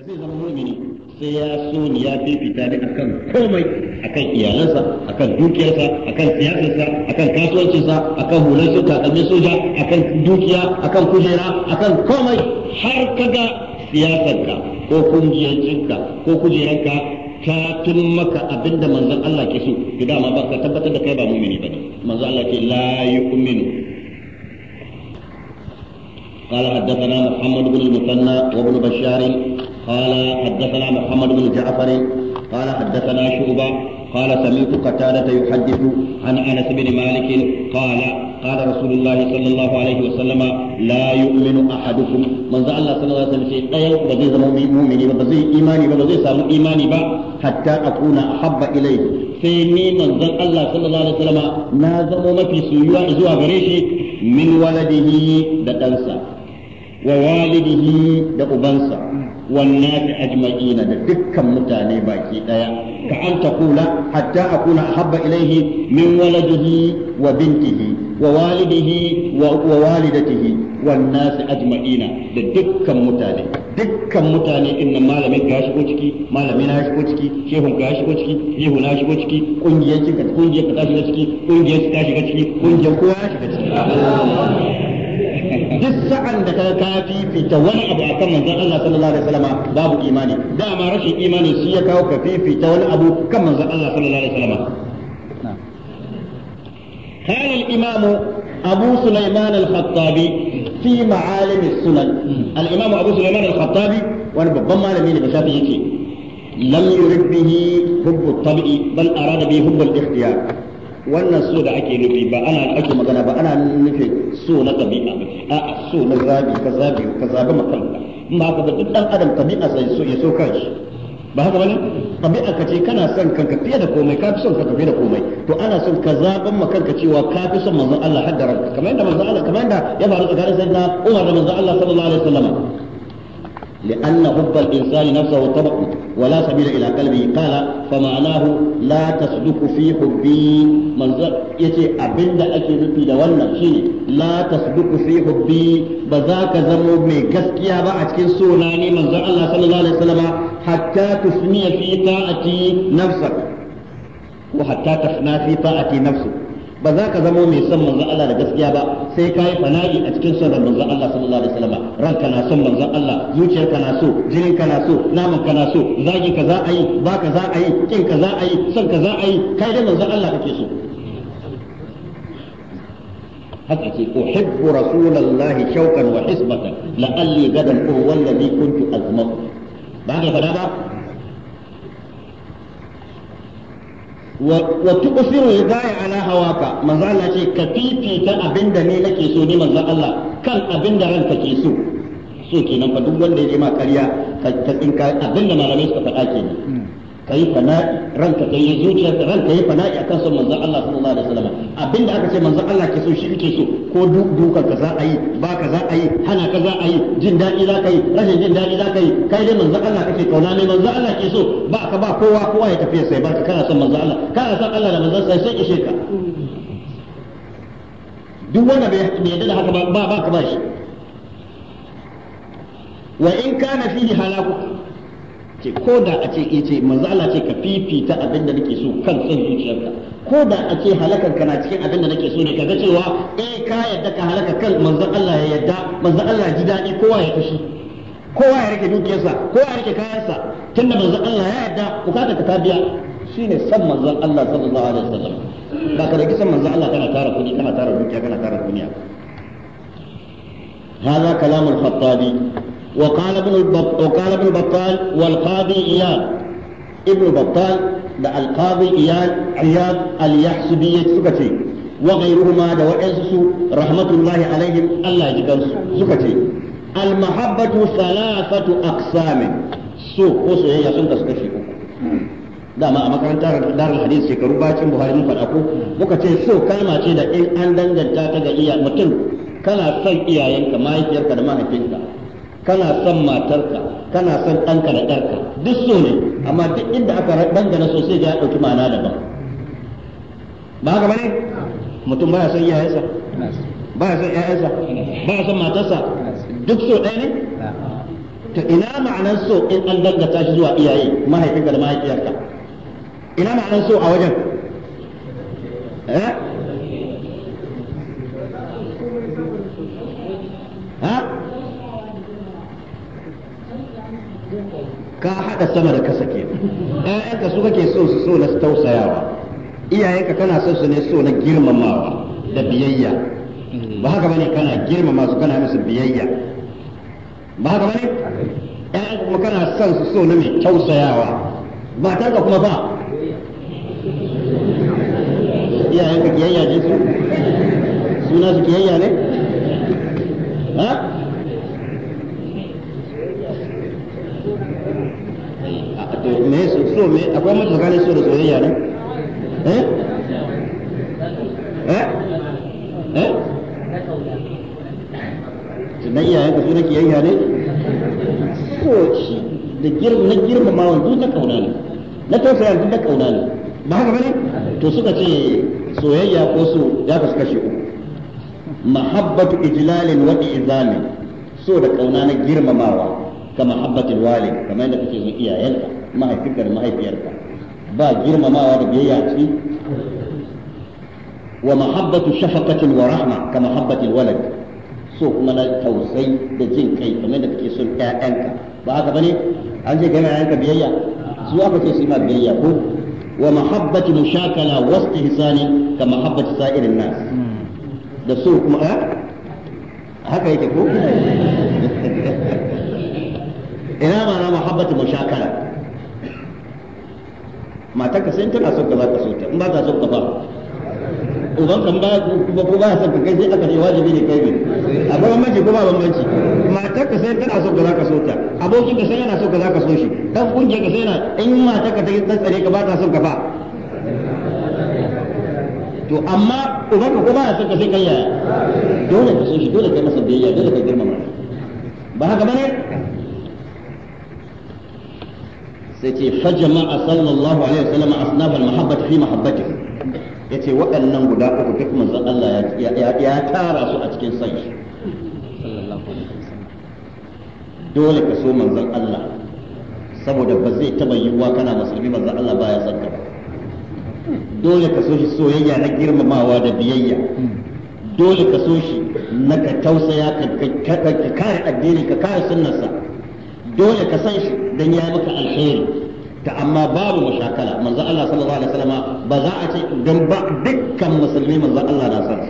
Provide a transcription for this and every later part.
zai zama mumini sai ya so ni ya fifita ni akan komai akan iyalansa akan dukiyarsa akan siyasarsa akan kasuwancinsa akan hular soja kalmin soja akan dukiya akan kujera akan komai har kaga siyasarka ko kungiyancinka ko kujeranka ta tun maka abinda manzon Allah ke so to dama ba ka tabbatar da kai ba mumini bane manzon Allah ke la yu'minu قال حدثنا محمد بن المثنى وابن بشار قال حدثنا محمد بن جعفر قال حدثنا شعبة قال سمعت قتادة يحدث عن أنس بن مالك قال قال رسول الله صلى الله عليه وسلم لا يؤمن أحدكم من زعل الله صلى الله عليه وسلم شيء أيوة بزي مؤمني بزي إيماني بزي سامو إيماني با حتى أكون أحب إليه سيني من زعل الله صلى الله عليه وسلم نازم ما في سيوان زوا غريشي من ولده دتنسى ووالده دأبنسى والناس أجمعين دكا متاني باكي دايا كأن تقول حتى أكون أحب إليه من ولده وبنته ووالده ووالدته والناس أجمعين دكا متاني دكا متاني إن ما لم يكاش كوتشكي ما لم يناش كوتشكي شيخ كاش كوتشكي شيخ ناش كوتشكي كونجي كونجي كتاشي كوتشكي كونجي كتاشي كوتشكي كونجي كواش كوتشكي duk sa'an da kaga ka fifita wani abu akan manzon Allah sallallahu alaihi wasallam babu imani dama rashin imani shi ya kawo ka fifita wani abu kan manzon Allah sallallahu alaihi wasallam قال الإمام أبو سليمان الخطابي في معالم السنن الإمام أبو سليمان الخطابي وأنا ببما لمين بشافي يكي لم يرد به حب الطبع بل أراد به حب الاختيار wannan so da ake nufi ba ana ake magana ba ana nufi so na tabi'a ba a so na zabi ka zabi ka zabi makanka in ba haka ba duk dan adam tabi'a sai so ya so kanshi ba haka bane tabi'a ka ce kana son kanka fiye da komai ka fi son ka fiye da komai to ana son ka zaban ma kanka cewa ka fi son manzon Allah har da ranka kamar yadda manzon Allah kamar yadda ya faru tsakanin sayyidina Umar da manzon Allah sallallahu alaihi wasallam لأن حب الإنسان نفسه طبعه ولا سبيل إلى قلبه قال فمعناه لا تسلك في حبي منظر يتي أبند أكي نفي دولنا شيء لا تسلك في حبي بذاك زمو مي قسكيا بعد سوناني منظر الله صلى الله عليه وسلم حتى تسمي في طاعتي نفسك وحتى تفنى في طاعتي نفسك ba za ka zama mai son manzon Allah da gaskiya ba sai ka yi fana'i a cikin son manzon Allah sallallahu alaihi wasallam ranka na son manzon Allah zuciyarka na so jinin ka na so naman ka na so zagi ka za a yi ba ka za a yi kin ka za a yi son ka za a yi kai da manzon Allah kake so haka ce uhibbu rasulullahi shauqan wa hisbatan la'alli gadan huwa alladhi kuntu azmahu ba ka fada ba watu wa tuqsiru ridaya ala hawaka maza Allah ce ka fifita abinda ne nake so ni manzo Allah kan abinda ranka ke so so kenan fa duk wanda ya je ma ƙarya ka tsinka abinda malamai suka faɗa kenan hmm. kai fana'i ranka kai yi zuciya ranka yi fana'i akan son manzon Allah sallallahu alaihi wasallam abinda aka ce manzon Allah ke so shi kake so ko dukan ka za a yi ba ka za a yi hana ka za a yi jin daɗi za ka yi rashin jin daɗi za ka yi kai dai manzon Allah kake kauna ne manzon Allah ke so ba ka ba kowa kowa ya tafi sai barka kana son manzon Allah kana son Allah da manzon sai sai ishe ka duk wanda bai yadda da haka ba ba ka ba shi wa in kana fihi halakuka ce ko da a ce eh ce manzo Allah ce ka fifita abin da nake so kan son zuciyarka ko da a ce halakar kana cikin abin da nake so ne kaga cewa eh ka yadda ka halaka kan manzo Allah ya yadda manzo Allah ji dadi kowa ya fushi kowa ya rike dukiyarsa kowa ya rike kayansa tunda manzo Allah ya yadda bukata ka biya shine san manzon Allah sallallahu alaihi wasallam ba ka rike san manzon Allah kana tara kuɗi kana tara dukiya kana tara duniya هذا كلام الخطابي وقال ابن البط... وقال ابن بطال والقاضي اياد ابن بطال ده القاضي اياد عياد اليحسبية سكتي وغيرهما ده وانسس رحمة الله عليهم الله يجبر سكتي المحبة ثلاثة أقسام سوء وسوء يا سنة سكتي dama a makarantar darul hadis shekaru bacin buhari mun faɗa ko muka ce so kalma ce da in an danganta ta ga iya mutum kana son iyayenka mahaifiyarka da mahaifinka kana son matarka kana son ɗanka da ɗarka duk so ne amma duk inda aka dangana so sai ya ɗauki ma'ana daban ba haka bane mutum baya son iyayensa baya son iyayensa baya son matarsa duk so ɗaya ne to ina ma'anar so in an dangata shi zuwa iyaye mahaifinka da mahaifiyarka ina ma'anar so a wajen eh ha ka haɗa sama da kasa ke ƴaƴanka su kake so su so na tausayawa iyayenka kana son su ne so na girmamawa da biyayya ba haka bane kana girmama su kana musu biyayya ba haka bane ƴaƴanka kuma kana son su so na mai tausayawa ba ka kuma ba iyayenka kiyayya ne su suna su kiyayya ne ha to me akwai mutu tsakanin so da soyayya ne eh eh eh na iyayen ka suna kiyayya ne ko shi da girma na girmama wanzu na kauna ne na tausaya duk na kauna ne ba haka bane to suka ce soyayya ko so, ya kasu suka uku mahabbatu ijlalin wa izalin so da kauna na girmamawa ka mahabbatul walid kamar yadda kake son iyayenka mahaifinka da mahaifiyarka ba girmamawa da biyayya ce. wa mahabbatu shafaqatin wa rahma ka mahabbatil walad so kuma na tausayi da jin kai kamar da kake son ƴaƴanka ba haka bane an ce kai ƴaƴanka biyayya su aka ce su ma biyayya ko wa mahabbati mushakala wa istihsani ka mahabbati sa'irin nas da so kuma haka yake ko ina ma na mahabbati mushakala matar ka sai tana son ka za ka so ta in ba ka so ka ba uban kan ba kuma ko ba son ka kai sai aka ce wajibi ne kai ne akwai bambanci ko ba bambanci matar ka sai tana son ka za ka so ta abokin ka sai yana son ka za ka so shi dan kunje ka sai yana in matar ka ta tsare ka ba ta son ka ba to amma uban ka ko ba son ka sai kai ya dole ka so shi dole kai masa biyayya dole ka girmama ba haka bane sai ce fajama'a sallallahu alaihi wasallam asnafal mahabbati fi mahabbatihi yace waɗannan guda uku duk manzon Allah ya tara su a cikin san shi dole ka so manzon Allah saboda ba zai taba yiwuwa kana musulmi manzon Allah baya son ka dole ka so shi soyayya na girmamawa da biyayya dole ka so shi na ka tausaya ka kare addini ka kare sunnarsa dole ka san shi dan ya maka alheri ta amma babu mashakala manzo Allah sallallahu alaihi wasallam ba za a ce dan ba dukkan musulmi manzo Allah na san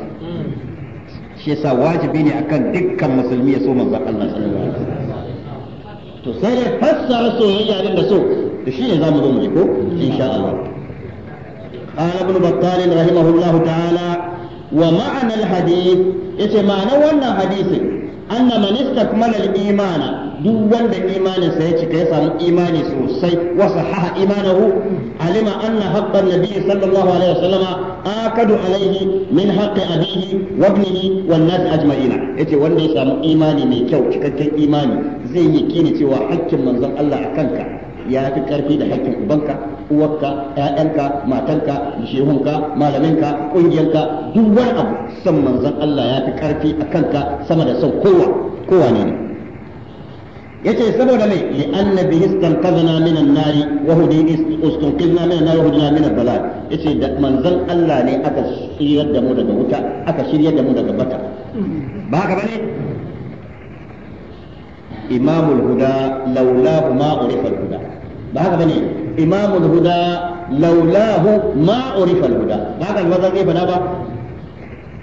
shi yasa wajibi ne akan dukkan musulmi ya so manzo Allah sallallahu alaihi wasallam to sai dai fassara soyayya din da so da shi ne zamu zo mu ji ko insha Allah قال ابن بطال رحمه الله تعالى ومعنى الحديث إيش معنى ولا حديث anna man istakmala al-imana duk wanda imaninsa ya cika ya samu imani sosai wa sahaha imanahu alima anna haqqan nabiy sallallahu alaihi wasallama akadu alaihi min haqqi abihi wa ibnihi wan nas ajma'ina yace wanda ya samu imani mai kyau cikakken imani zai yi kini cewa haƙƙin manzon Allah akan ka ya fi ƙarfi da haƙƙin ubanka uwarka ƴaƴanka matanka shehunka malaminka ƙungiyarka duk wani abu san manzon Allah ya fi ƙarfi a kanka sama da san kowa kowa ne ne yace saboda mai li annabi istankazana minan nari wa hudi istankazana minan nari wa hudina minan bala ya ce da manzon Allah ne aka shiryar da mu daga wuta aka shiryar da mu daga bata ba haka bane imamul huda laulahu ma urifa huda ba haka bane imamul huda laulahu ma urifa al-huda ba haka alwazan zai fada ba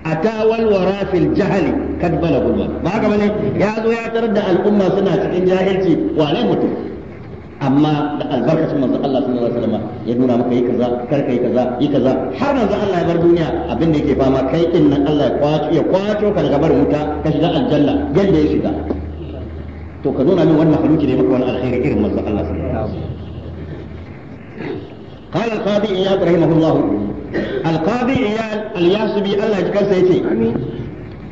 ata wal wara fil jahli kad balagul ba haka bane ya zo ya tarar da al'umma suna cikin jahilci wale mutum amma da albarkacin manzon Allah sallallahu alaihi wasallam ya nuna maka yi kaza kar kai kaza yi kaza har manzon Allah ya bar duniya abin da yake fama kai din nan Allah ya kwato ya kwato ka daga barin wuta ka shiga aljanna yadda ya shiga to ka nuna min wannan haluki ne maka wani alkhairi irin manzon Allah sallallahu alaihi wasallam قال القاضي إياد رحمه الله القاضي إياد الياسبي الله سيتي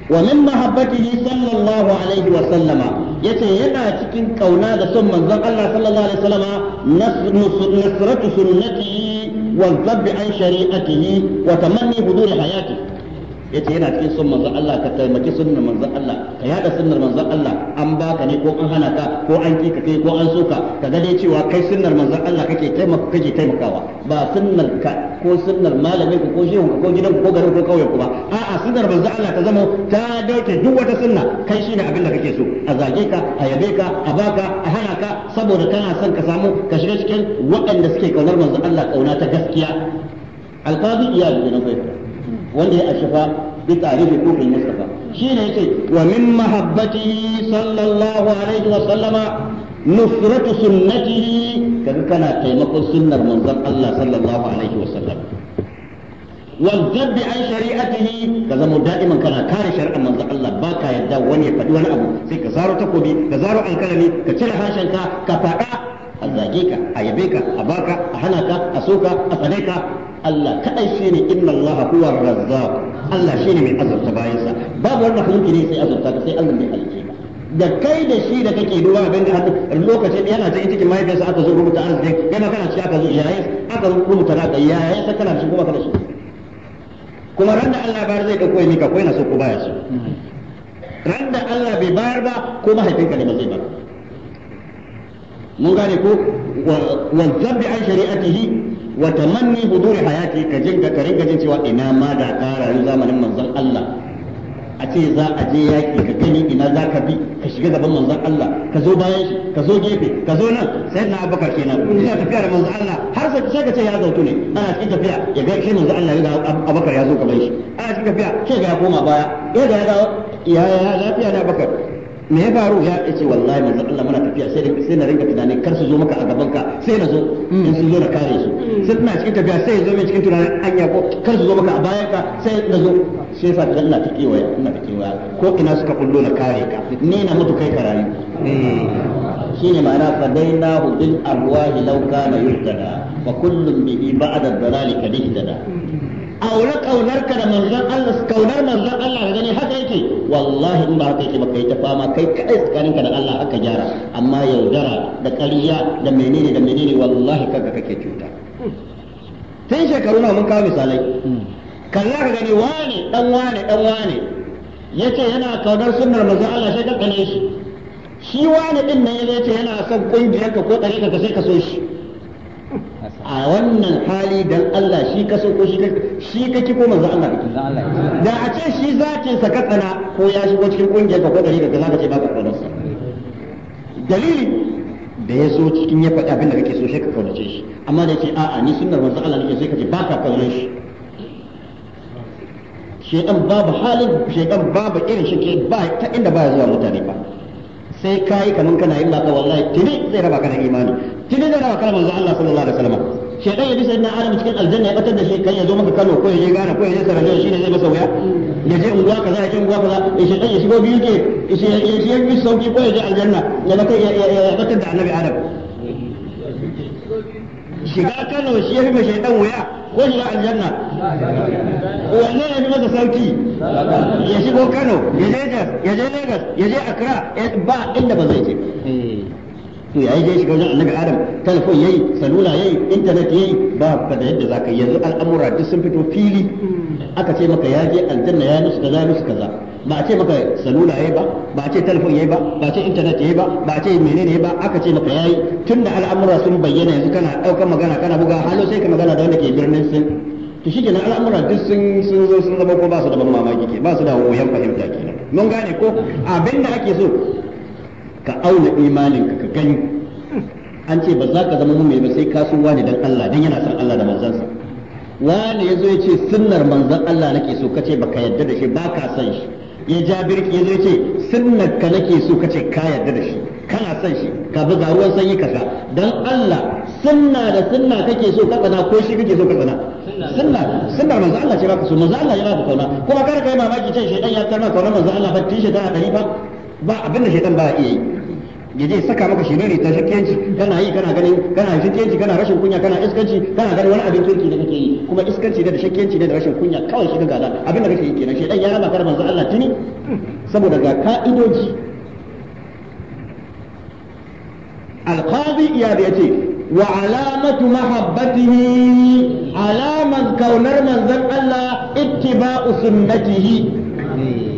ومن محبته صلى الله عليه وسلم yana cikin kauna da son manzon Allah sallallahu alaihi wasallama nasratu wa dhabbi an shari'atihi wa tamanni buduri hayatihi yace yana cikin sun manzon Allah ka taimaki sunnar manzon Allah ka yada sunnar manzon Allah an baka ne ko an hana ka ko an kika kai ko an soka ka ga dai cewa kai sunnar manzon Allah kake taimaka kake taimakawa ba sunnar ka ko sunnar malamin ko shehun ko gidan ko garin ko kauyen ku ba a'a sunnar manzon Allah ta zama ta dauke duk wata sunna kai shine abin da kake so a zage ka a yabe ka a baka a hana ka saboda kana son ka samu ka shiga cikin waɗanda suke kaunar manzon Allah kauna ta gaskiya alqazi iyali ne na fahimta wanda ya ashafa bi tarihi ko kan yasa shi ne yake wa min mahabbati sallallahu alaihi wa sallama nusratu sunnatihi kaga kana taimakon sunnar manzon Allah sallallahu alaihi wa sallam wal jaddi an shari'atihi ka zama da'iman kana kare shari'ar manzon Allah baka yarda wani ya faɗi wani abu sai ka zaro takobi ka zaro alkalami ka cire hashanka ka faɗa. a zage ka a yabe ka a baka a hana ka a soka a tsare ka Allah kadai shine inna Allah huwa razzaq Allah shine mai azurta bayansa babu wanda hulki ne sai azurta ka sai Allah mai halice ka da kai da shi da kake duba abin da haka lokacin yana cikin cikin mahaifiyarsa aka zo rubuta arziki yana kana ci aka zo yayin aka rubuta naka yayin ta kana shi kuma kana shi kuma ran da Allah bayar zai dauko mika ko yana so ko baya so ran da Allah bai bayar ba ko mahaifinka ne ba zai ba mun gane ko wa zabbi an shari'atihi wa tamanni huduri hayati ka jinga ka ringa jin cewa ina ma da kara zamanin manzon Allah a ce za a je yaki ka gani ina za ka bi ka shiga gaban manzon Allah ka zo bayan shi ka zo gefe ka zo nan sai na abubakar kenan ina tafiya da manzon Allah har sai ka ce ya zautu ne ana cikin tafiya ya ga shi manzon Allah ya ga ya zo gaban shi ana cikin tafiya sai ga ya koma baya ya ga ya ga ya lafiya da abubakar me ya faru ya ce wallahi manzo Allah muna tafiya sai sai na ringa tunanin kar su zo maka a gaban ka sai na zo in sun zo na kare su mm. sai tana cikin tafiya sai ya zo min cikin tunanin anya ko kar su zo maka a bayan ka sai na zo sai fa da Allah ta kewaya ina ta kewaya ko ina suka kullo na kare ka ni na mutu kai ka rayu mm. shine ma'ana fa fadainahu bil arwahi law kana yuhtada wa kullun bihi ba'da dhalali kadihtada mm. aure kaunar ka da manzon Allah kaunar manzon Allah ka gani haka yake wallahi in ba haka yake ba kai ta fama kai kai tsakanin ka da Allah aka gyara amma yaudara da ƙarya da menene da menene wallahi kanka kake cuta tun shekaru na mun kawo misalai kalla ka gani wane dan wane dan wane yace yana kaunar sunnar manzon Allah sai ka kane shi shi wane din nan yace yana son kungiyar ka ko ɗari ka sai ka so shi a wannan hali dan Allah shi ka so ko shi ka shi ka ki ko manzo Allah da a ce shi zatin sa katsana ko ya shigo cikin kungiyar ka ko gari ka zaka ce ba ka kaunar sa dalili da ya zo cikin ya faɗi abin da kake so sai ka kaunace shi amma da ce a'a ni sunnar manzo Allah nake sai ka ce ba ka kaunar shi shedan babu halin shedan babu irin shi ba ta inda ba ya zuwa mutane ba sai kai kaman kana yin baka wallahi tuni zai raba ka da imani shi ne zai kalmar manzo Allah sallallahu alaihi wasallam shedan ya bi sayyidina Adam cikin aljanna ya batar da shi kan ya zo maka Kano ko ya je Ghana ko ya je Sarajevo shi ne zai masa wuya ya je unguwa kaza ya je unguwa kaza shedan ya shigo biyu ke ya je bi sauki ko ya je aljanna ya batar ya batar da Annabi Adam shiga Kano shi ya fi mai shaidan wuya ko shiga aljanna wanne ya fi masa sauki ya shigo Kano ya je Jos ya je Lagos ya je Accra ba inda ba zai je to yayi dai shiga wajen annabi adam telefon yayi salula yayi internet yayi ba ka da yadda zaka yanzu al'amura duk sun fito fili hmm. aka ce maka ya je aljanna ya nusu kaza nusu kaza ba a ce maka salula yayi ba ba a ce telefon yayi ba ba a ce internet yayi ba ba a ce menene yayi ba aka ce maka yayi tunda al'amura sun bayyana yanzu kana daukar magana kana buga halo sai ka magana da wanda ke birnin sun to shi kenan al'amura duk sun sun zo sun zama ko ba su da ban mamaki ke ba su da wuyan fahimta kenan mun gane ko abin da ake so ka auna imaninka ka gani an ce ba za ka zama mummai ba sai kasuwa ne wani dan Allah dan yana son Allah da manzansa wani yazo ya ce sunnar manzan Allah nake so kace baka yarda da shi baka son shi ya ja birki yazo ya ce sunnar ka nake so kace ka yarda da shi kana son shi ka buga ruwan sanyi ka sha dan Allah sunna da sunna kake so ka tsana ko shi kake so ka tsana sunna sunna manzo Allah ce baka so manzo Allah yana da kauna kuma kar kai mamaki ce shedan ya karma kauna manzo Allah ba tishi da hadari ba ba abin da shaitan ba iya yi ya je saka maka shiriri ta shakkenci. kana yi kana ganin kana shakkenci, kana rashin kunya kana iskanci kana ganin wani abin kirki da kake yi kuma iskanci da shakiyanci da rashin kunya kawai shiga gaza abin da kake yi kenan shaitan ya raba ka manzo Allah tuni saboda ga ka'idoji alqadi iyad yace wa alamatu mahabbatihi alaman kaunar manzon Allah ittiba'u sunnatihi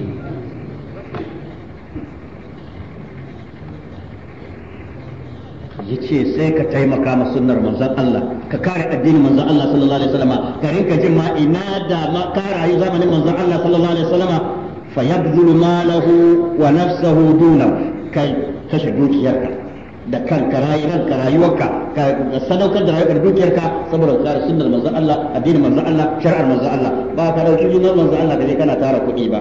yace sai ka taimaka ma sunnar manzon Allah ka kare addinin manzon Allah sallallahu alaihi wasallam ka rinka jin ma ina da ma ka rayu zamanin manzon Allah sallallahu alaihi wasallam fa yabdhulu malahu wa nafsahu dunahu kai kashe dukiyarka da kanka rayu ranka rayuwarka ka sadaukar da rayuwar dukiyarka saboda kare sunnar manzon Allah addinin manzon Allah shari'ar manzon Allah ba ka dauki sunan manzon Allah kaje kana tara kuɗi ba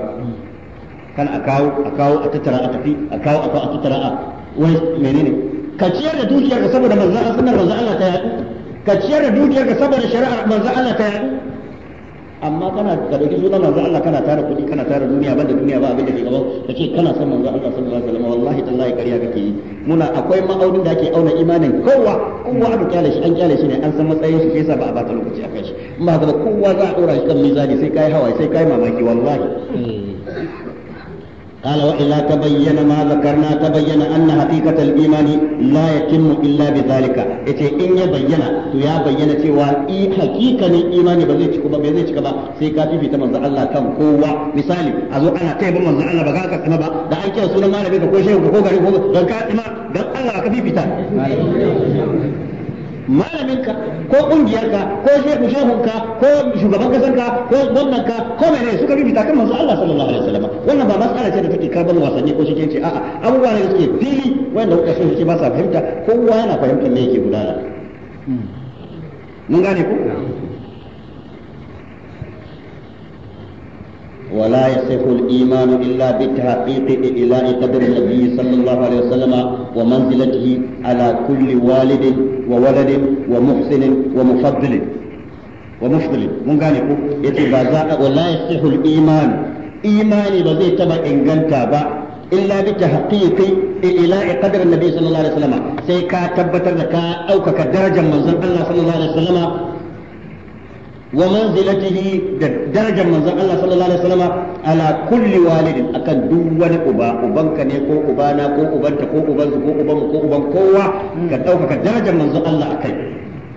Kana a kawo a kawo a tattara a tafi a kawo a kawo a tattara a wai menene ka ciyar da dukiyar ka saboda manzo Allah sunnar manzo Allah ta yadu ka ciyar da dukiyar ka saboda shari'ar manzo Allah ta yadu amma kana ka dauki sunan manzo Allah kana tara kuɗi kana tara duniya banda duniya ba abin da ke gaban kace kana son manzo Allah sallallahu alaihi wasallam wallahi tallahi kariya kake yi muna akwai ma'aunin da ake auna imanin kowa kowa aka kyale shi an kyale shi ne an san matsayin shi yasa ba a bata lokaci akan shi amma ga kowa za a dora shi kan mizani sai kai hawaye sai kai mamaki wallahi hmm. قال وإلا تبين ما ذكرنا تبين أن حقيقة الإيمان لا يتم إلا بذلك إتي إن يبين تو يا بين تيوا إي حقيقة الإيمان بزي تكبا بزي تكبا سيكاتي في تمنزع الله كم قوة مثالي أزو أنا تيب منزع الله بغاك سنبا دا أي كيو سنة ما نبيك كوشي وكوكاري وكوكاري وكوكاري وكوكاري وكوكاري وكوكاري وكوكاري malaminka ko kungiyarka ko shehu shehunka ko shugaban kasarka ko gwamnanka ko mai suka rubuta kan manzo Allah sallallahu alaihi wasallam wannan ba mas'ala ce da take karban wasanni ko shike ce a'a abubuwa ne da suke fili wanda kuka so shi ba sa fahimta kowa yana fahimtar me yake gudana mun gane ko ولا يصح الإيمان إلا بالتحقيق إلى قدر النبي صلى الله عليه وسلم ومنزلته على كل والد وولد ومحسن ومفضل ومفضل من قال يقول ولا يصح الإيمان إيماني بزي تبا إن با إلا بتحقيق إلاء قدر النبي صلى الله عليه وسلم سيكا تبتر لك أو كدرجة من الله صلى الله عليه وسلم wa manzilatihi da darajar manzon Allah sallallahu alaihi wasallam kulli walidin akan duk wani uba ubanka ne ko ubana ko ubanta ko ubansu ko uban ko uban ka ɗaukaka darajar manzon Allah akai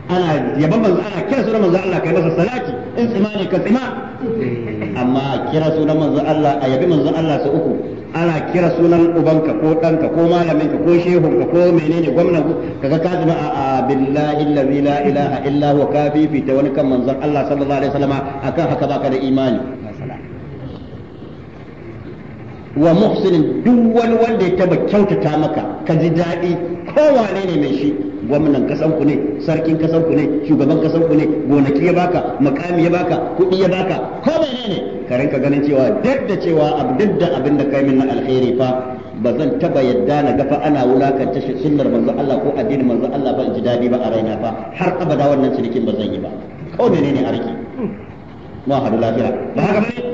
ana yaban manzon ana kira sunan manzon Allah kai masa salati in tsima ne ka tsima eh. amma kira sunan manzon Allah a yabi manzon Allah su uku ana kira sunan ubanka ko ɗanka ko malaminka ko shehunka ko menene gwamnan ku kaga ka zama a billahi allazi la ilaha illa huwa ka fifita wani kan manzon Allah sallallahu alaihi wasallama akan haka baka da imani wa muhsinin duk wani wanda ya taba kyautata maka ka ji daɗi kowane ne mai shi gwamnan kasan ku ne sarkin kasan ku ne shugaban kasan ku ne gonaki ya baka makami ya baka kuɗi ya baka ko menene ka rinka ganin cewa duk da cewa abu duk da abin da kai min na alkhairi fa ba zan taba yadda na gafa ana wulakanta shi sunnar manzo Allah ko addinin manzo Allah ba in ji dadi ba a raina fa har abada wannan cinikin ba zan yi ba ko menene arki mu hadu lafiya ba haka bane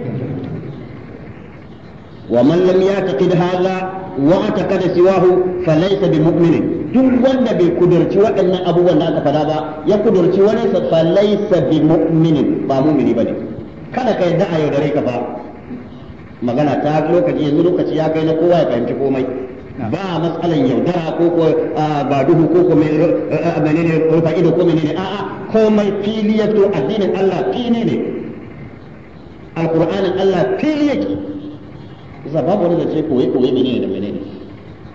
wa man lam yaqid hadha واعتقد سواه فليس بمؤمن duk wanda bai kudurci waɗannan abubuwan da aka fada ba ya kudurci wani falaisa bi mu'minin ba mu'mini bane kada ka yadda a yaudare ka fa magana ta lokaci yanzu lokaci ya kai na kowa ya fahimci komai ba matsalan yaudara ko ko ba duhu ko ko menene rufa ido ko menene a'a komai fili ya to addinin Allah fili ne alqur'anin Allah fili yake isa babu wani zance koye koye menene da menene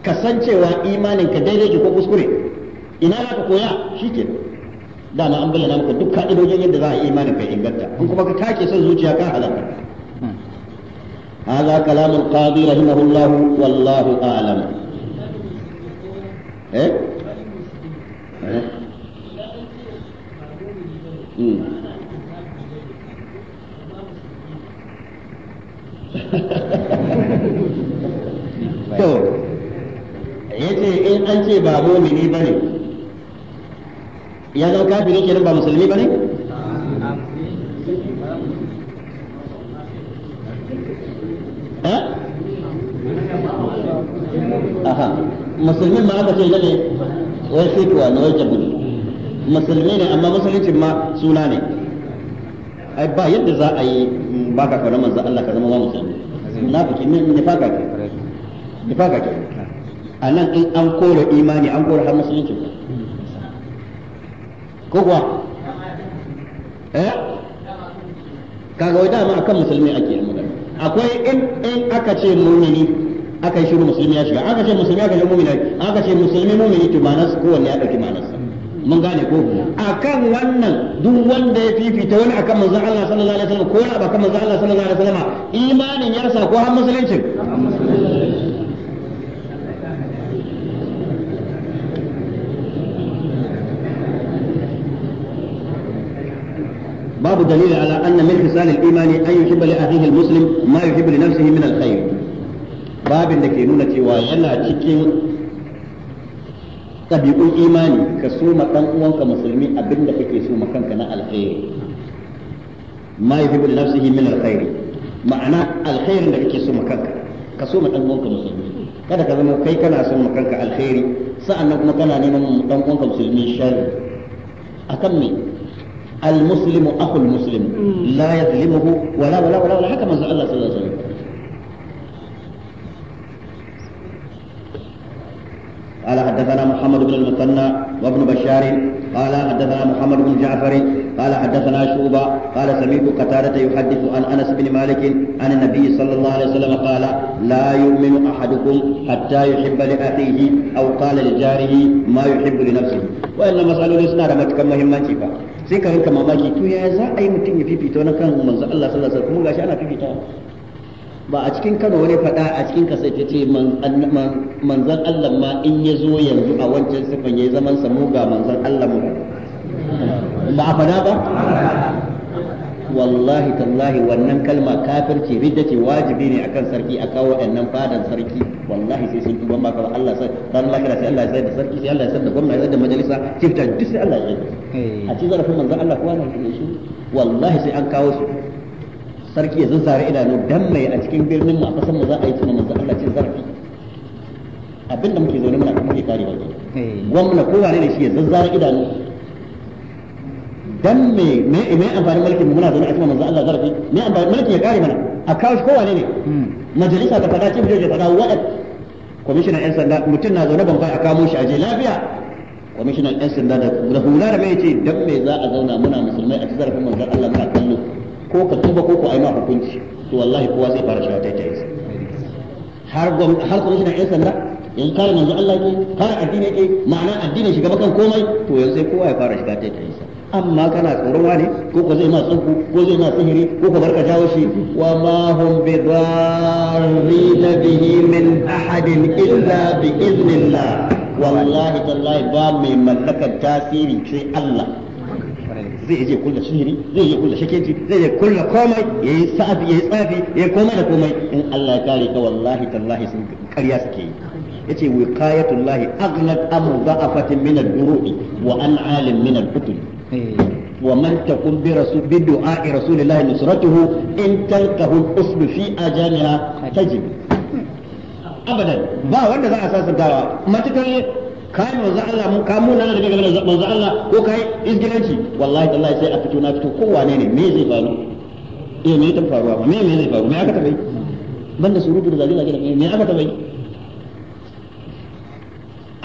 kasancewa imanin ka daidai ki ko kuskure ina za ka koya shi da na an na maka duk ka'idojin yadda za a imanin ka inganta in kuma ka take son zuciya ka halaka هذا كلام القاضي رحمه الله والله أعلم إيه؟ إيه؟ to yace in an ce ba mu'mini bane ya zama kafiri kenan ba musulmi bane aha musulmin ma aka ce ne wai fituwa na wai jabiri musulmi ne amma musulunci ma suna ne ai ba yadda za a yi baka kauna manzon Allah ka zama wa musulmi munafiki min nifaka ke nifaka ke anan in an kore imani an kore har musulunci ko kuwa eh kaga wai dama akan musulmi ake yi magana akwai in in aka ce mu'mini aka yi shiru musulmi ya shiga aka ce musulmi aka yi mu'mini aka ce musulmi mu'mini to manas kowanne ya dauki manas mun gane ko akan wannan duk wanda ya fifita wani akan manzon Allah sallallahu alaihi wasallam ko ba kan manzon Allah sallallahu alaihi wasallam imanin ya rasa ko har musulunci باب دليل على أن من خصال الإيمان أن يحب لأخيه المسلم ما يحب لنفسه من الخير باب لكي نونة وينا تكين ɗabi'un imani ka so soma ɗan uwanka musulmi abinda kake so ma kanka na alkhairi ma yi li nafsihi min alkhairi ma'ana alkhairin da kake so ma kanka ka so soma ɗan uwanka musulmi kada ka zama kai kana so ma kanka alkhairi sa'annan kuma kana neman ɗan uwanka musulmi sharri akan me المسلم أخو المسلم لا يظلمه ولا ولا ولا, ولا حكم الله صلى الله عليه وسلم بن المثنى وابن بشار قال حدثنا محمد بن جعفر قال حدثنا شعبة قال سمعت قتادة يحدث عن أنس بن مالك عن النبي صلى الله عليه وسلم قال لا يؤمن أحدكم حتى يحب لأخيه أو قال لجاره ما يحب لنفسه وإن مسألة لسنا رمت كم مهمة sai ka rinka mamaki to yaya za a yi mutum ya fifita wani kan manzo Allah sallallahu alaihi wasallam kuma gashi ana fifita ba a cikin Kano wani faɗa a cikin kasa ta ce manzan Allah ma in ya zo yanzu a wancan sifan ya yi zaman samu ga manzan Allah mu ba a faɗa ba wallahi tallahi wannan kalma kafirci ridda ce wajibi ne akan sarki a kawo waɗannan fadan sarki wallahi sai sun tuba maka Allah sai dan lakira sai Allah ya sai da sarki sai Allah ya sai da gwamnati sai da majalisa kifta duk sai Allah ya sai a ci zarafin manzon Allah kuwa ne shi wallahi sai an kawo su sarki ya zazzare idanu dan mai a cikin birnin mu a kasan mu za a yi tuna manzo Allah cin zarafi abin da muke zaune muna kuma ke karewa ke eh. gwamna ko wane da shi ya zazzare idanu dan me me me amfanin mulkin mu muna zaune a tuna manzo Allah zarafi me amfani mulkin ya kare mana a kawo shi wane ne hmm. majalisa ta faɗa cin bidiyo ya faɗa waɗa kwamishinan 'yan sanda mutum na zaune ban bai a kamo shi a je lafiya kwamishinan 'yan sanda da hula da mai ce don me za a zauna muna musulmai a ci zarafin manzon Allah muna kallo ko ka tuba ko ko ai hukunci to wallahi kowa zai fara shiga ta tayi har har kwamishinan yan sanda yanzu kare manzo Allah ke kare addini ke ma'ana addinin shiga bakan komai to yanzu sai kowa ya fara shiga ta tayi amma kana tsoron wani ko ko zai ma tsunku ko zai ma sihiri ko ka barka jawo shi wa ma hum bi dharrina bihi min ahadin illa bi idnillah wallahi tallahi ba mai mallakar tasiri sai Allah zai iya kulla sihiri zai iya kulla shakenci zai iya kulla komai ya yi sa'afi ya yayi tsafi yi komai da komai in Allah ya kare ka wallahi tallahi sun karya suke yi Ya ce yace wiqayatullahi aghnat am dha'afatin min ad-duru'i wa an 'alim min al-futul ومن تقوم برسول بدعاء رسول الله نصرته ان تلقه الاصل في اجامها تجب Abadan ba wanda za a sasantawa matukar Ka yi manzo Allah mun ka mun nan daga daga manzo Allah ko kai izgiranci wallahi tallahi sai a fito na fito ko wane ne me zai faru eh me ta faruwa ba me me zai faru me aka tabai banda surutu da zage zage da me aka tabai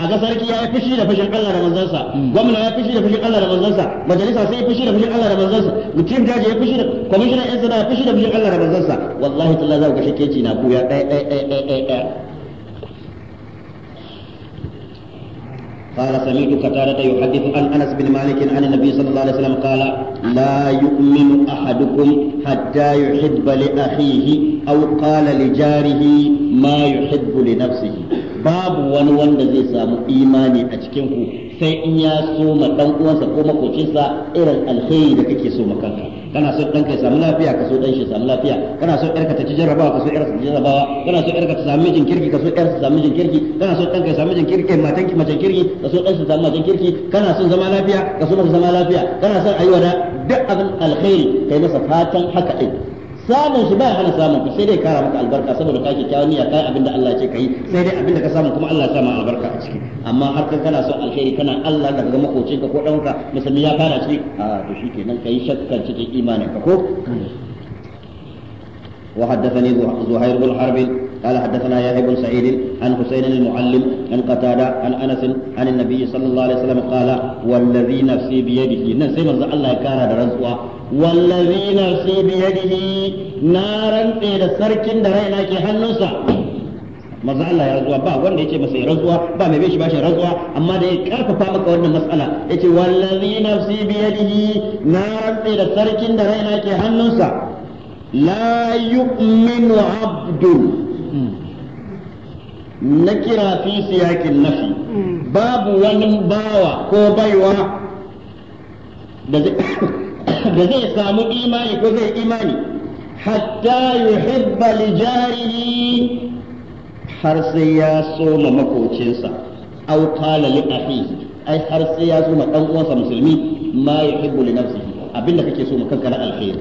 a ga sarki ya yi fushi da fushin Allah da manzansa hmm. gwamna ya fushi da fushin Allah da manzansa majalisa sai ya fushi da fushin Allah da manzansa mutum jaji ya fushi da kwamishinan yan sanda ya fushi da fushin Allah da manzansa wallahi tallahi za ku ga shakeci na ku ya ɗaya ɗaya ɗaya ɗaya قال سمعت قتادة يحدث عن أنس بن مالك عن النبي صلى الله عليه وسلم قال لا يؤمن أحدكم حتى يحب لأخيه أو قال لجاره ما يحب لنفسه باب wani wanda zai samu imani a cikin ku sai in ya so ma dan uwansa ko makocinsa irin alkhairi da kake so ma kanka kana son ɗanka ya samu lafiya ka so ɗan shi samu lafiya kana son ƴarka ta ci jarrabawa ka so ƴarka ta ci jarrabawa kana son ƴarka ta samu mijin kirki ka so ƴarka ta samu mijin kirki kana son ɗanka ya samu mijin kirki matan ki macen kirki ka so ɗan shi samu macen kirki kana son zama lafiya ka so masa zama lafiya kana son ayyuka duk abin alkhairi kai masa fatan haka ɗin samun shi ba hana samun ka sai dai kara maka albarka saboda ka kyakkyawan niyya kai abinda Allah ya ce kai sai dai abinda ka samu kuma Allah ya samu albarka a ciki amma har kan kana son alheri kana Allah da ga makocin ka ko dan ka musulmi ya fara ciki a to shikenan kai shakkan cikin imanin ka ko mm. wa haddathani zuhair bin harbin قال حدثنا يحيى بن سعيد عن حسين المعلم عن قتادة عن أنس عن النبي صلى الله عليه وسلم قال والذي نفسي بيده نفسي من الله كان رزقه والذي نفسي بيده نارا إلى سرك درينك حنسا maza Allah ya rantsuwa ba wanda yace masa ya rantsuwa ba mai bishi bashi rantsuwa amma da ya karfafa maka wannan matsala yace wallazi nafsi bi yadihi na rantsi da sarkin da raina ke hannunsa la yu'minu abdun na kira fi siyakin nafi babu wani bawa ko baiwa da zai samu imani ko zai imani hatta yuhibba li jarihi har sai ya so ma makocinsa aw qala li ai har sai ya so ma dan musulmi ma yuhibbu li nafsihi abinda kake so ma kanka na alheri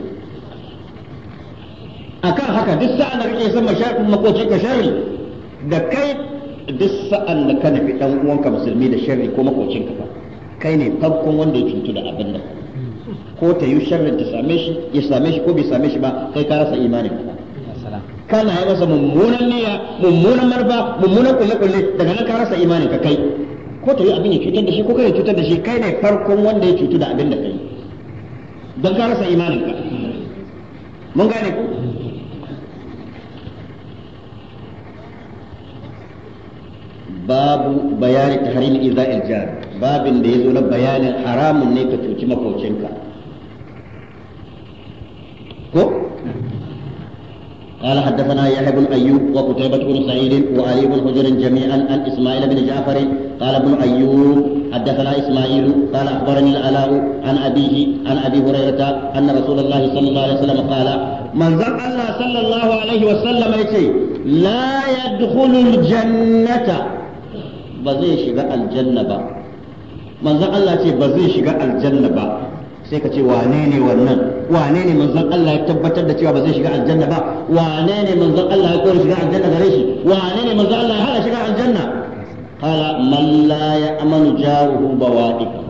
akan haka duk sa'an da kake son masharin makocin ka sharri da kai duk sa'an da ka nufi dan uwanka musulmi da sharri ko makocin ka fa kai ne farkon wanda ya cutu da abin nan ko ta yi sharrin ta same shi ya same shi ko bai same shi ba kai ka rasa imanin ka kana yi masa mummunan niyya mummunan marfa mummunan kulle kulle daga nan ka rasa imanin ka kai ko ta yi abin ya cutar da shi ko kai ya cutar da shi kai ne farkon wanda ya cutu da abin da kai don ka rasa imanin ka mun gane ku babu bayanin tahrim iza'il jar babin da yazo na bayanin haramun ne ka cuci makocinka ko قال حدثنا يحيى بن ايوب وقتيبة بن سعيد وعلي بن حجر جميعا عن اسماعيل بن جعفر قال ابن ايوب حدثنا اسماعيل قال اخبرني العلاء عن ابيه عن ابي هريرة ان رسول الله صلى الله عليه وسلم قال من زعم الله صلى الله عليه وسلم يتي لا يدخل الجنة ba zai shiga aljanna ba manzon Allah ce ba zai shiga aljanna ba sai ka ce wane ne wannan wane ne manzon Allah ya tabbatar da cewa ba zai shiga aljanna ba wane ne manzon Allah ya kore shiga aljanna gare shi wane ne manzon Allah ya hana shiga aljanna Kala man la ya'manu jaruhu bawadika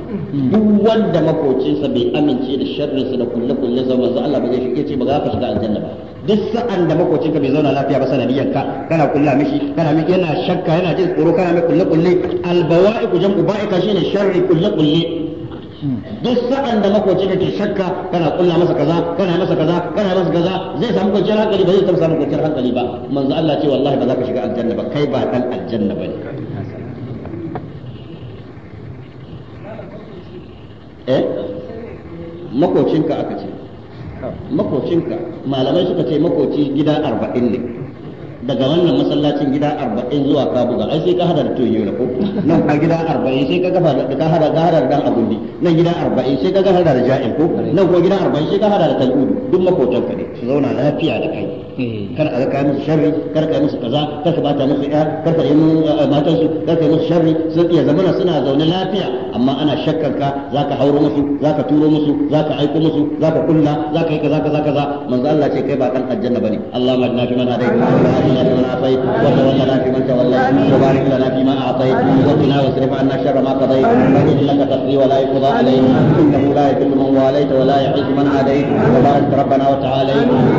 duk wanda makocinsa bai amince da sharrinsa da kulle kulle zama manzo Allah ba zai shige ce ba za ka shiga aljanna ba duk sa'an da makocinka bai zauna lafiya ba sanadiyan ka kana kulla mishi kana miki yana shakka yana jin tsoro kana mai kulle kulle albawa'i ku jam'u ba'ika shine sharri kulle kulle duk sa'an da makoci ke shakka kana kulla masa kaza kana masa kaza kana masa kaza zai samu kwanciyar hankali ba zai taɓa samu kwanciyar hankali ba manzo Allah ce wallahi ba za ka shiga aljanna ba kai ba dan aljanna ne. makocinka aka ce makocinka malamai suka ce makoci gida arba'in ne daga wannan masallacin gida arba'in zuwa kabuga ai sai ka hada da tuyo na ko nan ka gida arba'in sai ka gafa da ka hada gahara da dan abundi nan gida arba'in sai ka gahara da ja'in ko nan ko gida arba'in sai ka hada da tal'udu duk makocinka ne su zauna lafiya da kai kar a kai musu sharri kar kai musu kaza kar ka bata musu ya kar ka yi matan su kar ka yi musu sharri sun iya zamana suna zaune lafiya amma ana shakkan ka zaka hauro musu zaka turo musu zaka aiko musu zaka kulla zaka yi kaza kaza kaza manzo Allah ce kai ba kan aljanna bane Allah madna fi man hadai wa hadina fi man afai wa tawallana fi man tawallai wa barik lana fi ma a'tai wa qina wasrif anna sharra ma qadai fa innaka taqdi wa la yuqda alayk innahu la yadhillu man walayta wa la yu'izzu man adayt wa barik rabbana wa ta'ala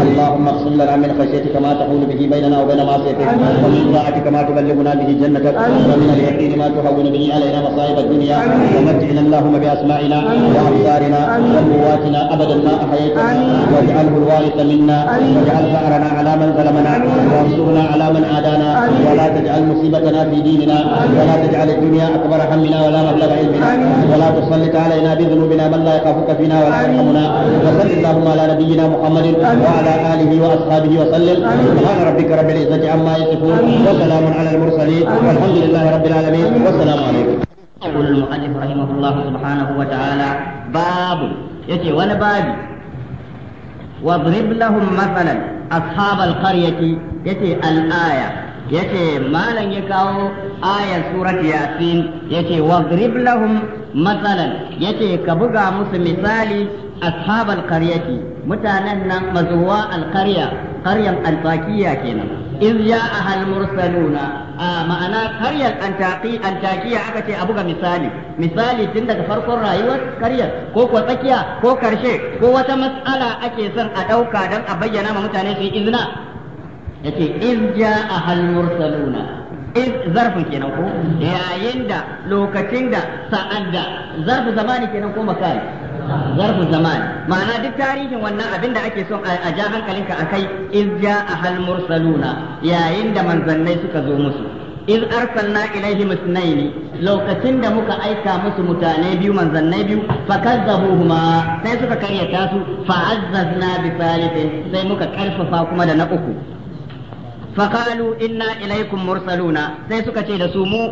اللهم اغفر لنا من خشيتك ما تحول به بيننا وبين معصيتك ومن طاعتك ما تبلغنا به جنتك ومن اليقين ما تهون به علينا مصائب الدنيا ومتعنا اللهم باسمائنا وابصارنا وقواتنا ابدا ما احييتنا واجعله الوارث منا واجعل ثارنا على من ظلمنا وانصرنا على من عادانا ولا تجعل مصيبتنا في ديننا ولا تجعل الدنيا اكبر همنا ولا مبلغ علمنا ولا تسلط علينا بذنوبنا من لا يخافك فينا ولا يرحمنا وصل اللهم على نبينا محمد وعلى اله واصحابه عليه وسلم سبحان ربك رب العزة عما يصفون وسلام على المرسلين والحمد لله رب العالمين والسلام عليكم يقول المؤلف رحمه الله سبحانه وتعالى باب يتي وانا بابي واضرب لهم مثلا أصحاب القرية يتي الآية yace malam ya kawo ayar surat yasin yace wagrib lahum matsalan yace ka buga musu misali ashabal qaryati mutanen nan mazuwa alqarya qaryal antakiya kenan iz ja'a al mursaluna a ma'ana karyar antaki antakiya aka ce a buga misali misali tun daga farkon rayuwar karyar ko ko tsakiya ko karshe ko wata matsala ake son a ɗauka don a bayyana ma mutane su yi izina yace iz ja'a hal mursaluna iz zarfin kenan ko yayin da lokacin da sa'ad da zamani kenan ko makari zarfu zaman ma'ana duk tarihin wannan abin da ake son a ja hankalinka akai iz a hal mursaluna yayin da manzannai suka zo musu iz arsalna ilaihim ithnain lokacin da muka aika musu mutane biyu manzannai biyu fakazzabuhuma sai suka karyata su fa'azzazna bi thalithin sai muka karfafa kuma da na uku faqalu inna ilaikum mursaluna sai suka ce da su mu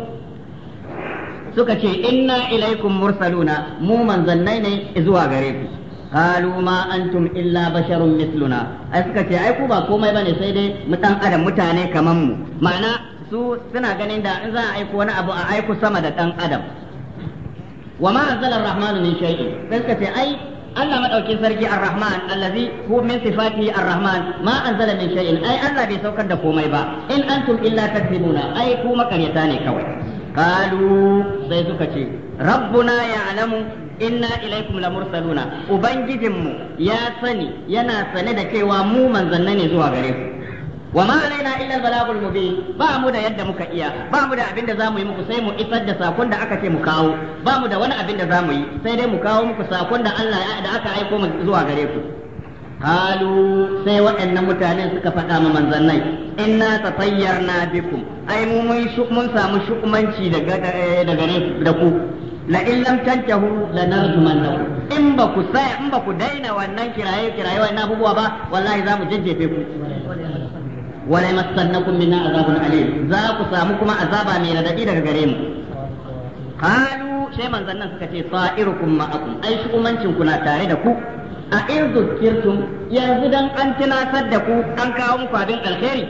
suka ce inna ilaikum mursaluna mu manzannai ne zuwa gare ku قالوا ما أنتم إلا بشر مثلنا أسكت أي كوبا sai dai سيدي متان أدم متاني كمامو معنى su suna ganin da in za a aiko wani abu a aiko sama da ɗan adam wa ma anzala ar-rahmanu min shay'in sai ce ai Allah madaukin sarki ar-rahman allazi hu min sifatihi ar-rahman ma anzala min shay'in ai Allah bai saukar da komai ba in antum illa takzibuna ai ku makaryata ne kawai kalu sai suka ce rabbuna ya'lamu inna ilaikum lamursaluna ubangijinmu ya sani yana sane da cewa mu manzanna ne zuwa gare ku wa ma alaina illa mu mubin ba mu da yadda muka iya ba mu da abin da zamu yi muku sai mu isar da sakon da aka ce mu kawo ba mu da wani abin da zamu yi sai dai mu kawo muku sakon da Allah da aka aiko mu zuwa gare ku kalu sai waɗannan mutanen suka faɗa ma manzannai inna tatayyarna bikum ai mu mun samu shukumanci daga daga ne da ku la in lam tantahu lanarjumannakum in ba ku sai in ba ku daina wannan kiraye kiraye wannan abubuwa ba wallahi za mu jajjefe ku wala masannakum minna azabun alim za ku samu kuma azaba mai radadi daga gare mu kalu sai manzannan suka ce sa'irukum ma'akum ai shukumancin ku na tare da ku a in zukirtum yanzu don an tunasar da ku an kawo muku abin alheri.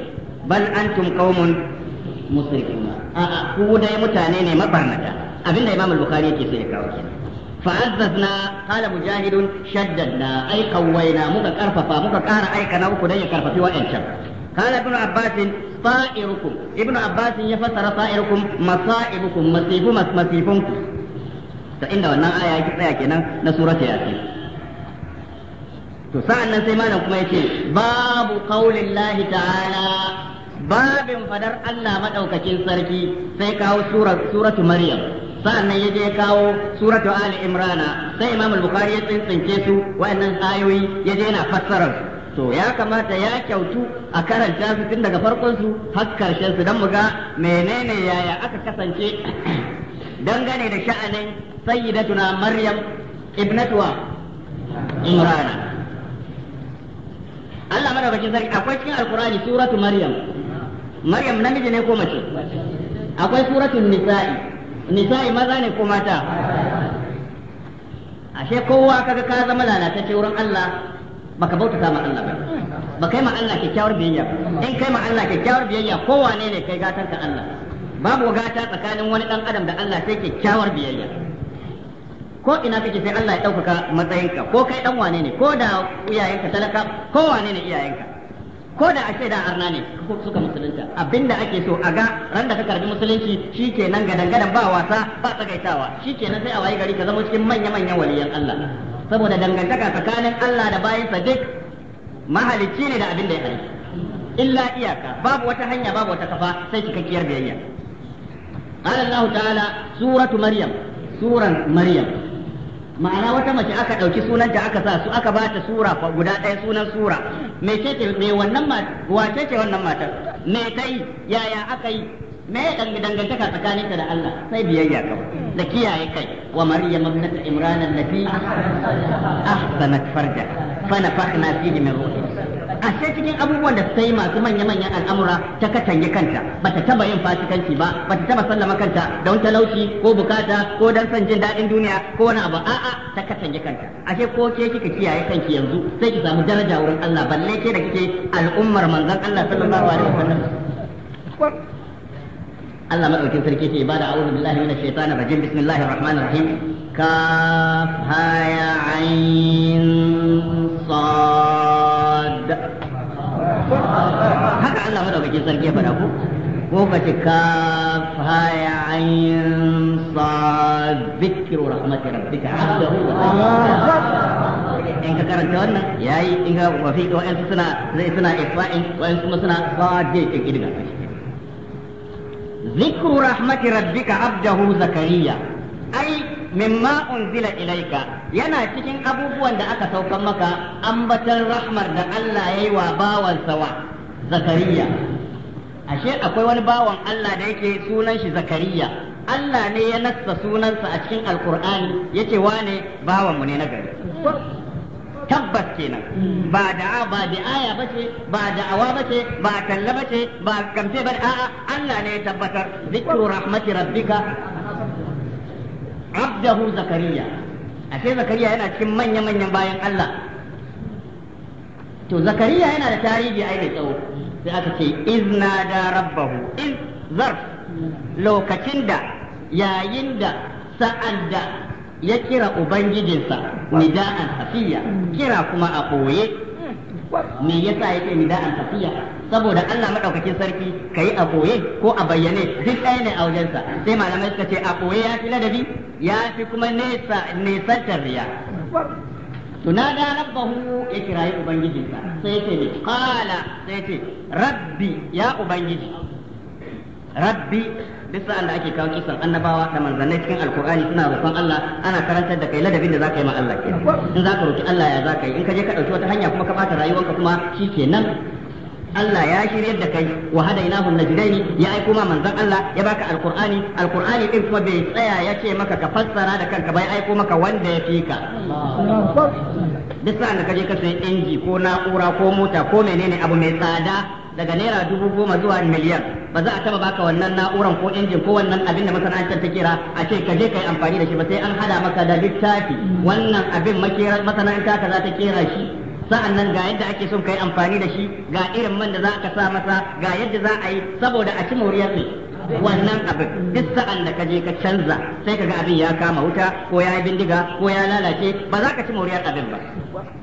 bal antum qaumun musrifuna a a ku dai mutane ne mabarnata abinda imam al-bukhari yake sai ya kawo kenan fa azzazna qala mujahidun na ai qawwayna muka karfafa muka kara aika na uku dan ya karfafi kala abbasin wa'ancan قال ابن عباس طائركم fa'irukun عباس يفسر طائركم مصائبكم مصيب مصيبكم فإن ونا آية كتنا كنا نسورة ياسين to sa'an nan sai malam kuma yace babu qaulin lahi ta'ala babin fadar Allah madaukakin sarki sai kawo surar suratu maryam sa'an nan yaje kawo suratu ali imrana sai imam al-bukhari ya tsintsince su wa'annan ayoyi yaje yana fassara to ya kamata ya kyautu a karanta su tun daga farkon su har karshen su dan mu ga menene yaya aka kasance dangane da sha'anin sayyidatuna maryam ibnatuwa imrana Allah madaukakin sarki akwai cikin alkurani suratu maryam maryam namiji ne ko mace akwai suratu nisa'i nisa'i maza ne ko mata ashe kowa kaga ka zama lalatacce wurin Allah baka bauta sama Allah ba ba kai ma Allah kyakkyawar biyayya in kai ma Allah kyakkyawar biyayya kowa ne ne kai gatar ka Allah babu gata tsakanin wani dan adam da Allah sai kyakkyawar biyayya ko ina kake sai Allah ya ɗaukaka matsayinka ko kai dan wane ne ko da iyayenka talaka ko wane ne iyayenka ko da ashe da arna ne suka musulunta abinda ake so a ga ran da ka karbi musulunci shikenan gadan gadan ba wasa ba tsagaitawa shikenan sai a wayi gari ka zama cikin manya manyan waliyan Allah saboda dangantaka tsakanin Allah da bayan duk mahalicci ne da abin ya halitta illa iyaka babu wata hanya babu wata kafa sai cikakkiyar biyayya قال الله تعالى سورة مريم سورة مريم ma'ana wata mace aka ɗauki sunanta aka sa su aka bata sura guda ɗaya sunan sura me ce ce me wannan wace ce wannan matar me kai. yaya aka yi me ya dangantaka tsakaninta da Allah sai biyayya kawai da kiyaye kai wa maryam ibnat imran annabi ahsanat farja fa nafakhna fihi min ruhi ashe cikin abubuwan da yi masu manya-manyan al'amura ta katange kanta ba ta taba yin fasikanci ba ba ta taba sallama kanta don talauci ko bukata ko don son jin daɗin duniya ko wani abu a'a ta katange kanta ashe ko ke kika kiyaye kanki yanzu sai ki samu daraja wurin Allah balle ke da kike al'ummar manzon Allah sallallahu alaihi wasallam Allah madaukin sarki ke ibada a'udhu billahi minash shaitani rajim bismillahir rahmanir rahim kaf ya ain madaukakin sarki ya faɗa ko ko fa kafa ya ayin sa dhikru rahmati rabbika abdahu in ka karanta wannan yayi in ka wafi in suna zai suna ifa'in ko in kuma suna sadi in idiga zikru رحمة rabbika abdahu zakariya ai mimma unzila إليك yana cikin abubuwan da aka saukan maka ambatan rahmar da Allah yayi wa bawansa wa zakariya ashe akwai wani bawan Allah da yake sunan shi Zakariya Allah ne ya nassa sunansa a cikin Alkur'ani yace wane bawan mu ne na gari tabbas kenan ba da'a ba bi aya bace ba da'awa bace ba talla bace ba kamfe ba a'a Allah ne ya tabbatar zikru rahmati rabbika abdahu zakariya ashe zakariya yana cikin manya manyan bayan Allah to zakariya yana da tarihi ai mai tsawo sai aka ce izna da rabbahu iz zarf lokacin da yayin da sa'an da ya kira ubangijinsa nida'an safiya kira kuma a koye me yasa yake nida'an safiya saboda Allah madaukakin sarki kai a koye ko a bayyane duk ɗaya ne a wajensa sai malamai suka ce a koye ya fi ladabi ya fi kuma nesa nesa riya Tuna na da rabbahu ya kirayi ubangijinsa sai ce ne qala sai ce rabbi ya ubangiji rabbi duk sa'an ake kawo kisan annabawa da manzannai cikin alkur'ani suna roƙon Allah ana karantar da kai ladabin da zaka yi ma Allah kenan in zaka roki Allah ya zaka yi in ka je ka dauki wata hanya kuma ka bata rayuwarka kuma shikenan Allah ya shiryar da kai wa hadainahu najdaini ya aiko ma manzon Allah ya baka alqur'ani alqur'ani din kuma bai tsaya ya ce maka ka fassara da kanka bai aiko maka wanda ya fi ka duk sa'an da ka je ka sayi inji ko na'ura ko mota ko menene abu mai tsada daga naira dubu goma zuwa miliyan ba za a taba baka wannan na'uran ko injin ko wannan abin da masana'antar ta kira a ce ka je ka yi amfani da shi ba sai an hada maka da littafi wannan abin masana'anta ka za ta kera shi sa'an nan ga yadda ake son kai amfani da shi ga irin man da za ka sa masa ga yadda za a yi saboda a ci moriyar ne wannan abin duk sa'an da ka je ka canza sai ka ga abin ya kama wuta ko ya yi bindiga ko ya lalace ba za ka ci moriyar abin ba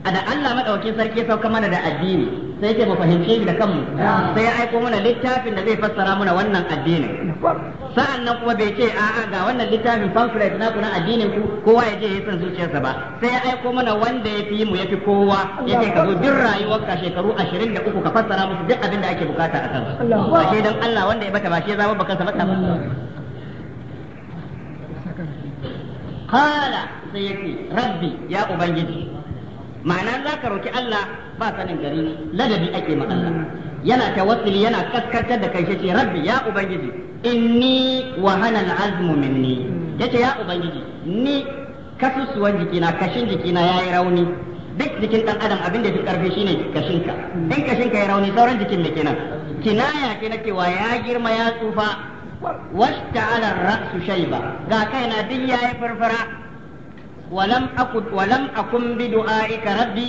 a da Allah madaukakin sarki ya sauka mana da addini sai ke mu fahimce shi da kanmu sai ya aiko mana littafin da zai fassara mana wannan addinin sa'an nan kuma bai ce a'a ga wannan littafin pamphlet na kuna addinin ku kowa ya je ya san zuciyarsa ba sai ya aiko mana wanda ya fi mu ya fi kowa ya ce ka zo duk rayuwar ka shekaru ashirin da uku ka fassara musu duk abin da ake bukata a kan ba shi dan Allah wanda ya bata ba shi ya zama bakansa ba kala sai yake rabbi ya ubangiji ma'ana za ka roki Allah ba sanin gari ladabi ake ma Allah yana tawassuli yana kaskartar da kai shi rabbi ya ubangiji inni wa azumin azmu minni yace ya ubangiji ni kasusuwan jikina kashin jikina yayi rauni duk jikin dan adam abin da ya karfi shine kashinka in kashinka ya rauni sauran jikin me kenan kinaya ke na cewa ya girma ya tsufa wasta ala ra'su shayba ga kaina duk yayi farfara walam akun walam akun bi du'aika rabbi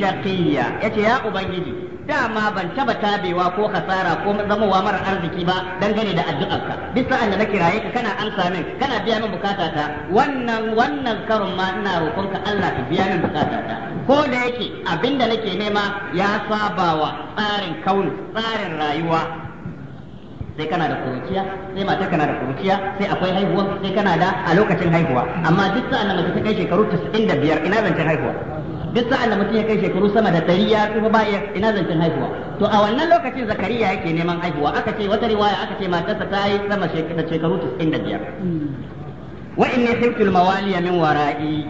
shaqiya yace ya ubangiji dama ban taba tabewa ko kasara ko zamowa mara arziki ba dangane da addu'arka duk sa'an da na kiraye ka kana amsa min kana biya min bukatata wannan wannan karin ma ina roƙonka Allah ka biya min bukatata ko da yake abinda nake nema ya sabawa tsarin kauni tsarin rayuwa sai kana da kuruciya sai mata kana da kuruciya sai akwai haihuwa sai kana da a lokacin haihuwa amma duk sa'an da mace ta kai shekaru 95 ina zancen haihuwa duk sa'an da mutum ya kai shekaru sama da ɗari ya tsufa ba ina zancen haihuwa to a wannan lokacin zakariya yake neman haihuwa aka ce wata riwaya aka ce matarsa ta yi sama da shekaru 95 wa inni khiftul mawaliya min wara'i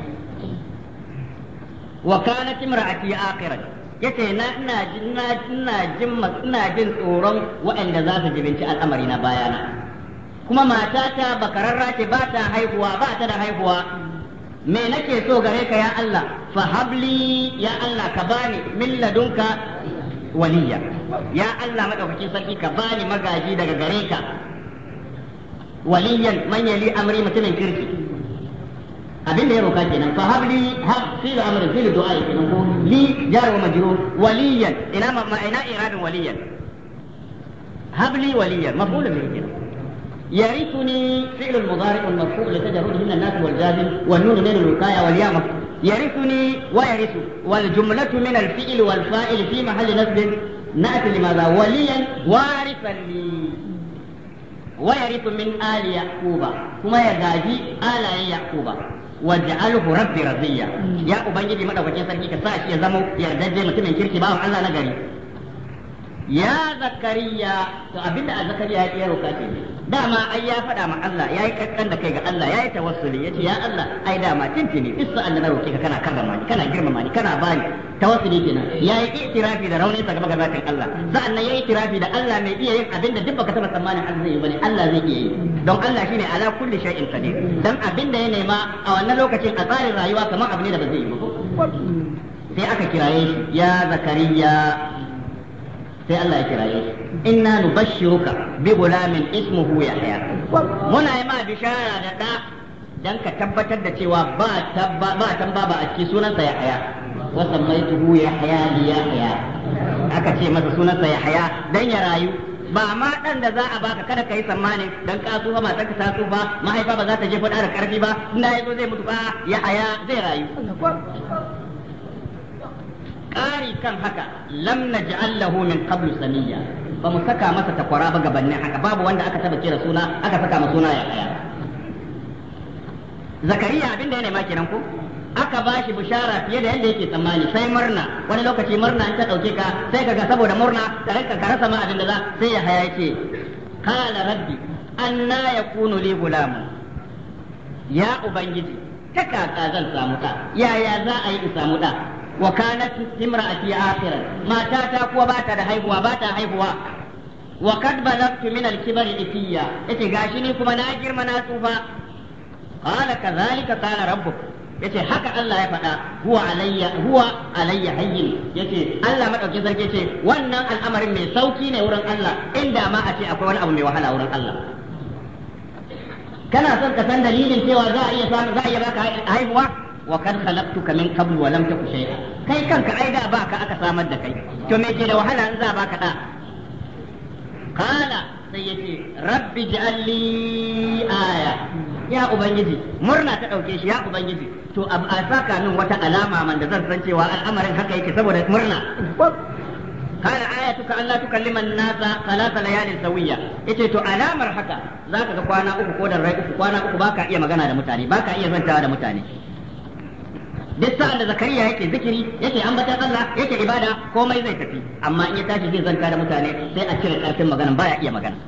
wa kanat imra'ati akhirat yace na ina jin na ina jin ina jin tsoron waɗanda za su jibinci al'amari na bayana kuma matata bakararra ce ba ta haihuwa ba ta da haihuwa me nake so gare ka ya Allah fahabli ya Allah ka bani min ladunka waliya ya Allah madaukakin sarki ka bani magaji daga gare ka waliyan man yali amri mutumin kirki abin da ya roka kenan fahabli hab fil amri fil du'a kenan ko li jar wa majrur waliyan ina ma ina iradin waliyan habli waliyan maf'ul bihi kenan يرثني فعل المضارع المرفوع لتجرده من الناس والجازم والنون من الوقاية والياء مفعول يرثني ويرث والجملة من الفعل والفاعل في محل نصب نأتي لماذا وليا وارثا لي ويرث من آل يعقوب كما يغادي آل يعقوب waj'alhu rabbi radiya ya ubangiji madaukakin sarki ka sa shi ya zamo yardajje mutumin kirki bawan Allah na gari ya zakariya to abinda a zakariya ya roka ke dama ai ya faɗa ma Allah yayi kakkan da kai ga Allah yayi tawassuli yace ya Allah ai dama tintini isa Allah na roke ka kana karrama ni kana girmama ni kana bani tawassuli kenan yayi itirafi da rauni ta gaba zakin Allah ya yayi itirafi da Allah mai iya yin abin da duk baka taba tsammanin Allah zai yi bane Allah zai iya yi don Allah shine ala kulli shay'in qadir dan abin da ya nema a wannan lokacin a tsarin rayuwa kamar abin da ba zai yi ba sai aka kiraye shi ya zakariya sai Allah ya kiraye shi inna nubashshiruka bi gulamin ismuhu yahya muna yi ma bishara da da dan ka tabbatar da cewa ba tabba ba tamba ba a cikin sunansa yahya wa sammaytuhu yahya li yahya aka ce masa sunansa yahya dan ya rayu ba ma dan da za a baka kada kai tsammani dan ka tsufa matar ta tsufa mahaifa ba za ta je faɗa da karfi ba inda yazo zai mutu ba yahya zai rayu ƙari kan haka lam ji lahu min qablu samiyya ba mu saka masa takwara ba gabanin haka babu wanda aka taba kira suna aka saka masa suna ya haya zakariya abinda ya nema kiran ku? aka ba shi bishara fiye da yadda yake tsammani sai murna wani lokaci murna in ta dauke ka sai ka ga saboda murna ta rinka ka rasa ma abin da za sai ya haya Kala qala rabbi anna yakunu li gulam ya ubangiji ta kaka zan samu ta yaya za a yi in samu ɗa? wa kanat imra'ati akhiran mata ta kuwa ba ta da haihuwa ba ta haihuwa wa kad balagtu min al-kibari ifiya yace gashi ni kuma na girma na tsufa qala kadhalika qala rabbuk yace haka Allah ya faɗa huwa alayya huwa alayya hayyin yace Allah madaukin sarki yace wannan al'amarin mai sauki ne wurin Allah inda ma a ce akwai wani abu mai wahala wurin Allah kana son ka san dalilin cewa za a iya samu za a iya baka haihuwa wa kad khalaqtuka min qabl wa lam taku shay'a kai kanka ai da baka aka samar da kai to me ke da wahala in za baka da qala sai yace rabbi ja'alli aya ya ubangiji murna ta dauke shi ya ubangiji to a saka min wata alama man da zan san cewa al'amarin haka yake saboda murna aya, قال آيتك ألا تكلم الناس ثلاث ليال سوية yace to alamar haka zaka ga kwana uku ko da rai uku kwana uku baka iya magana da mutane baka iya zantawa da mutane duk sa'an da zakariya yake zikiri yake ambatan Allah yake ibada komai zai tafi amma in ya tashi zai zanta da mutane sai a cire karfin magana baya iya magana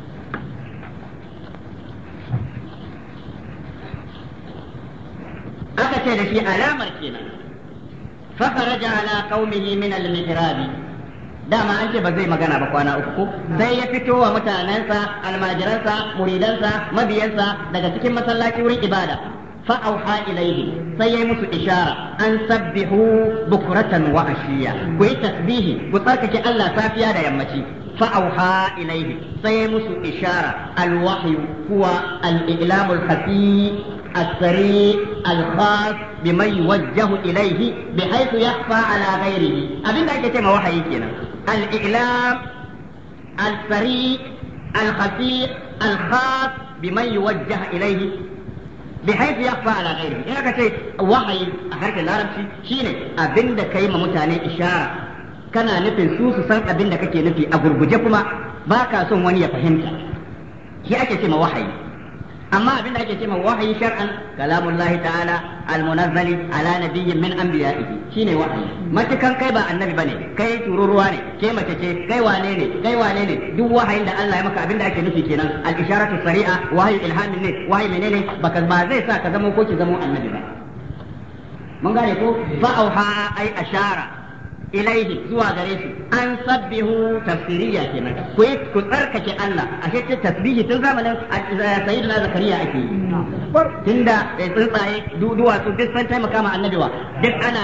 aka ce da shi alamar kenan fa kharaja ala qaumihi min al dama an ce ba zai magana ba kwana uku ko sai ya fito wa mutanensa almajiransa muridansa mabiyansa daga cikin masallaci wurin ibada فأوحى إليه سيمس إشارة أن سبحوا بكرة وعشية كي تسبيه وتركك ألا سافيا دا يمتي فأوحى إليه سيمس إشارة الوحي هو الإعلام الخفي السريع الخاص بمن يوجه إليه بحيث يخفى على غيره أبين ذلك كما وحي كنا الإعلام السريع الخفي الخاص بمن يوجه إليه bihi hansi ya fa alaƙa iri ya kashe wahayi a harkar larabci shine abinda da ka yi ma mutane ishara kana nufin su su san abin da kake nufi a gurguje kuma baka ka son wani ya fahimta shi ake ce ma wahayi. amma abin da ake cewa wahayi shar'an kalamullahi ta'ala almunazzali ala nabiyyin min anbiya'ihi shine wahayi matukan kai ba annabi bane kai tururuwa ne ke mace ce kai wane ne kai wane ne duk wahayin da Allah ya maka abin da ake nufi kenan al-isharatu sari'a wahayi ilhamin ne wahayi menene baka ba zai sa ka zama ko ki zama annabi ba mun gane ko ba auha ai ashara ilaihi zuwa gare shi an sabbihu tafsiriya kenan ku yi ku tsarkake Allah a shi tasbihi tun zamanin na zakariya ake yi tunda tsuntsaye su duk san taimaka ma annabiwa. duk ana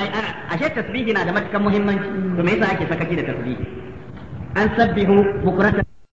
a shi tasbihi na da matakan muhimmanci to me yasa ake sakaci da tasbihi an sabbihu bukuratan